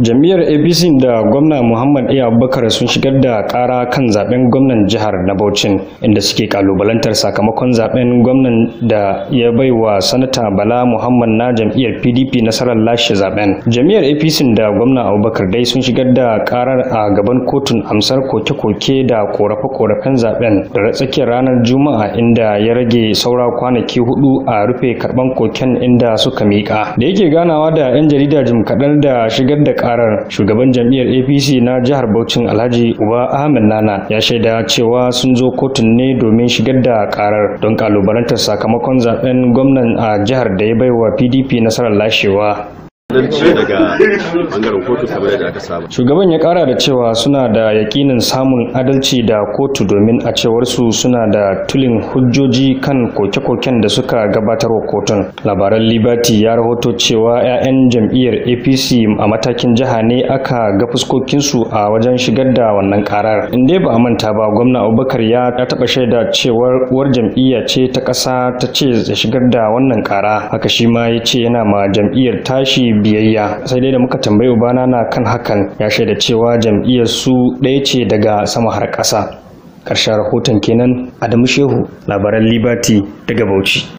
Jam'iyyar APC da gwamna Muhammad iya Abubakar sun shigar da ƙara kan zaben gwamnan jihar na bauchi inda suke kalubalantar sakamakon zaben gwamnan da ya bai wa sanata Bala Muhammad na jam'iyyar PDP nasarar lashe zaben. Jami'ar APC da gwamna Abubakar dai sun shigar da ƙarar a gaban kotun amsar koke-koke da korafe-korafen zaben da tsakiyar ranar Juma'a inda ya rage saura kwanaki hudu a rufe karban koken inda suka miƙa. Da yake ganawa da 'yan jarida jim kaɗan da shigar da karar shugaban jam'iyyar apc na jihar Bauchin alhaji uba ahmed nana ya shaida cewa sun zo kotun ne domin shigar da karar don kalubalantar sakamakon zaben gwamnan a jihar da ya baiwa pdp nasarar lashewa Shugaban ya kara da cewa suna da yakinin samun adalci da kotu domin a cewar su suna da tulin hujjoji kan koke-koken da suka gabatarwa kotun. Labaran Libati ya rahoto cewa 'ya'yan jam'iyyar APC a matakin jiha ne aka ga fuskokinsu a wajen shigar da wannan karar. In ba a manta ba gwamna Abubakar ya taɓa shaida cewar uwar jam'iyya ce ta ƙasa ta ce shigar da wannan kara. Haka shi ma ya ce yana ma jam'iyyar tashi biyayya sai dai da muka tambayi ubana na kan hakan ya shaida cewa jam'iyyar su ɗaya ce daga sama har ƙasa ƙarshen rahoton kenan adamu shehu labaran liberty daga bauchi